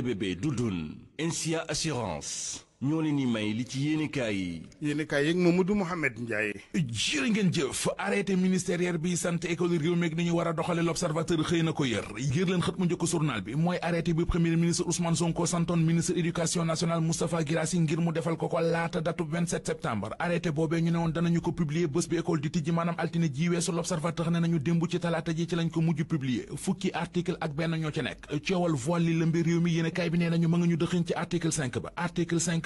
DBB Doudoun, NCA Assurance. ñoo leen di may li ci yéenekaay yi. yéenekaay yeeg Mamadou Mouhamed Ndiaye. ngeen jëf arrêté ministériel bi sant économie réew meeg ni ñu war a doxale l'observateur xëy na ko yër yër leen xët mu njëkk journal bi mooy arrêté bi premier ministre Ousmane Sonko santoon ministre éducation nationale Moustapha Guirassy ngir mu defal ko ko laata datu 27 septembre arrêté ñu ne woon danañu ko publier bés bi école di tijji maanaam altine ji weesu ne nañu démb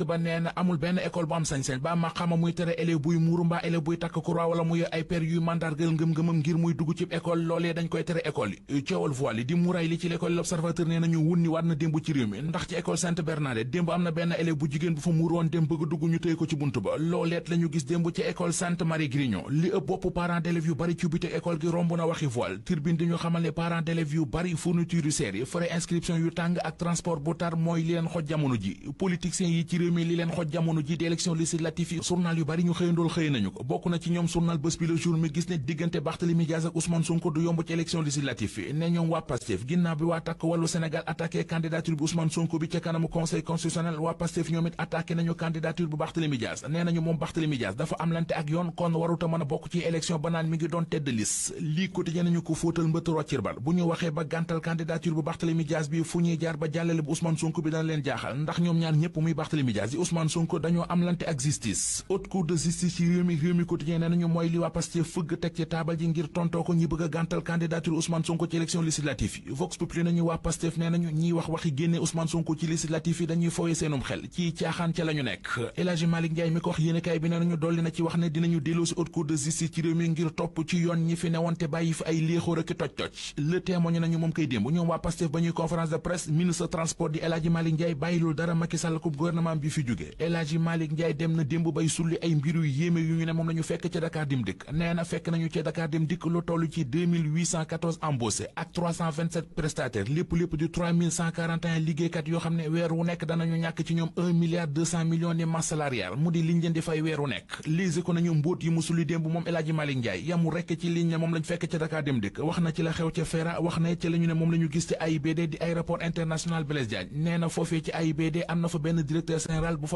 dëkk ba nee na amul benn école bu am sañ ba ma muy tere élève buy muuru mbaa buy takk croix wala muy ay per yuy mandargal ngëm-ngëmam ngir muy dugg ci école loolee dañ koy tere école yi euh, coowal voile di muraay li ci l'école l'observateur nee nañu wunni waat na démb ci réew mi ndax ci école Sainte Bernadette démb am na benn élève bu jigéen bu fa muur woon bëgg dugg ñu tëy ko ci buntu ba looleet la gis démb ci école Sainte Marie Grignon li ëpp yu bari ci réew mi li leen xoj jamono ji di élection législative yi journal yu bari ñu xëyandool xëy nañu ko bokk na ci ñoom journal bés bi le jour mi gis ne diggante Barthélémy Dias ak Ousmane Sonko bi ca kanamu conseil constitutionnel waa Pastef ñoom it attaqué nañu candidature bu Barthélémy Dias nee nañu moom Barthélémy Dias dafa am ak yoon kon waruta mën a bokk ci élection ba mi ngi doon tedd liste lii quotidien nañu ko fóotal mbëtt roccir bal bu ñu waxee Dias yi Ousmane Sonko dañoo am lante ak nañu mooy li yi génne Ousmane Sonko ci législative yi dañuy fooye seenum xel ci caaxaan ca la nekk El Hadji Malick mi ko wax yéenekaay bi nee nañu dolli na ci wax ne dinañu delloosi haute cour de justice ci réew mi ngir topp ci yoon ñi fi newoon te bàyyi fi ay léexóor ak toj toj le témoin nañu moom koy démb ñoom waa Pastef ba ñuy conférence de presse ministre transport di El Hadji Malick bàyyilul dara Macky Sall ko gouvernement bi fi jóge El Hadji Malick dem na démb bay sulli ay mbiru yéeme yu ñu ne moom lañu fekk ca Dakar Dem Dikk nee na fekk nañu ca Dakar Dem Dikk lu toll ci 2814 ak 327 lépp lépp di 3141 liggéeykat yoo xam ne weer wu nekk danañu ñàkk ci ñoom 1 milliard 200 millions de masse mu di liñ leen di weer wu nekk lise ko nañu mbóot yi mu sulli démb moom El Hadji Malick Ndiaye rekk ci liñ ne moom lañu fekk ca Dakar Dem Dikk wax na ci la xew général bu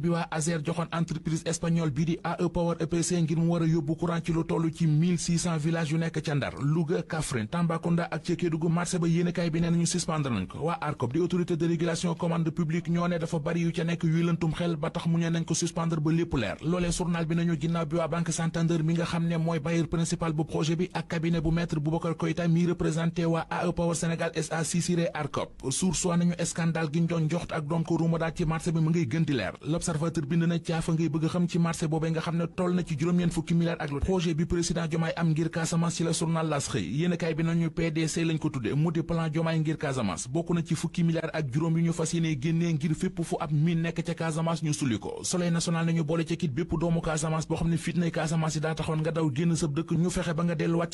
bi waa ASER joxoon entreprise espagnole bii di AE Power EPC ngir mu war a yóbbu courant ci lu toll ci 1600 yu nekk ca Ndar Louga Kaffrine Tambacounda ak ca Kédougou marché ba yéenekaay bi nee nañu suspendre nañ ko waa ARCOP di autorité de régulation commande publique ñoo ne dafa bari yu ca nekk yuy xel ba tax mu ne nañ ko suspendre ba lépp leer loolee journal bi nañu ginnaaw bi waa Banque Santander mi nga xam ne mooy bailleur principal bu cabinet bu maître Boubacar Koita mi représenté waa AE Power Sénégal SA Sisiré Arcop sursoi nañu scandale gi ñu doon ak doon ko ruumadaat ci marché bi mu ngay gën di leer l'observateur bind na caafa ngay bëgg xam ci marché boobee nga xam ne toll na ci juróom-ñeent fukki milliards ak lu projet bi président Diomaye am ngir Casamance ci la journal Las xëy yéen kaay bi nañu PDC lañ ko tudde mu di plan Diomaye ngir Casamance bokk na ci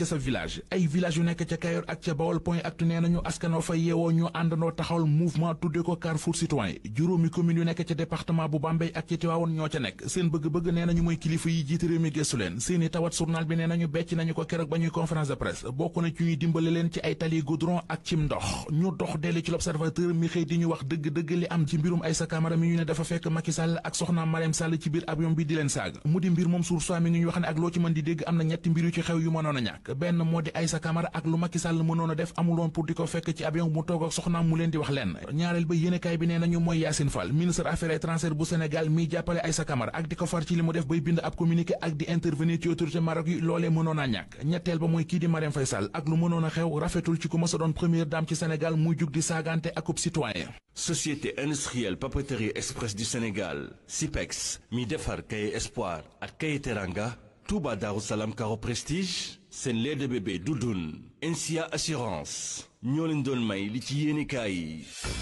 sa village ay village yu nekk ca Kayor ak ca Bawol point actu nee nañu askanoo fa yeewoo ñu àndandoo taxawal mouvement tudde ko Carrefour citoyen juróomi commune yu nekk ca département bu Bambey ak ca Tivaouane ñoo ca nekk seen bëgg-bëgg nee nañu mooy kilifa yi jiite mi gëstu leen seeni tawat journal bi nee nañu becc nañu ko keroog ba ñuy conférence de presse bokk na ci ñuy dimbale leen ci ay tali goudron ak cim ndox ñu dox delli ci l'observateur li am ci mbirum Aïssa Camara mi ñu ne dafa fekk Macky Sall na ñetti ben modi Aïssa Camara ak lu Macky Sall def pour diko fekk ci avion mu toog ak soxna mu len di wax len ñaareel ba kay bi nee nañu mooy Fall ministre affaires étrangères bu Sénégal mi jappalé Aïssa Camara ak diko far ci li mu def bay bind ab communiqué ak di intervenir ci autorité Maroc yi loolee mënoon a ñàkk ba moy ki di Marième Faye ak lu mënona xew rafetul ci ku mësa doon première dame ci Sénégal mu juk di ak akub citoyen société industrielle papeterie express du Sénégal SIPEX mi defar kay Espoir ak Kaye Teranga Touba Darou Salam Caro Prestige seen lait de bébé Doudoune NSIA assurance ñoo leen doon may li ci yéenekaay yi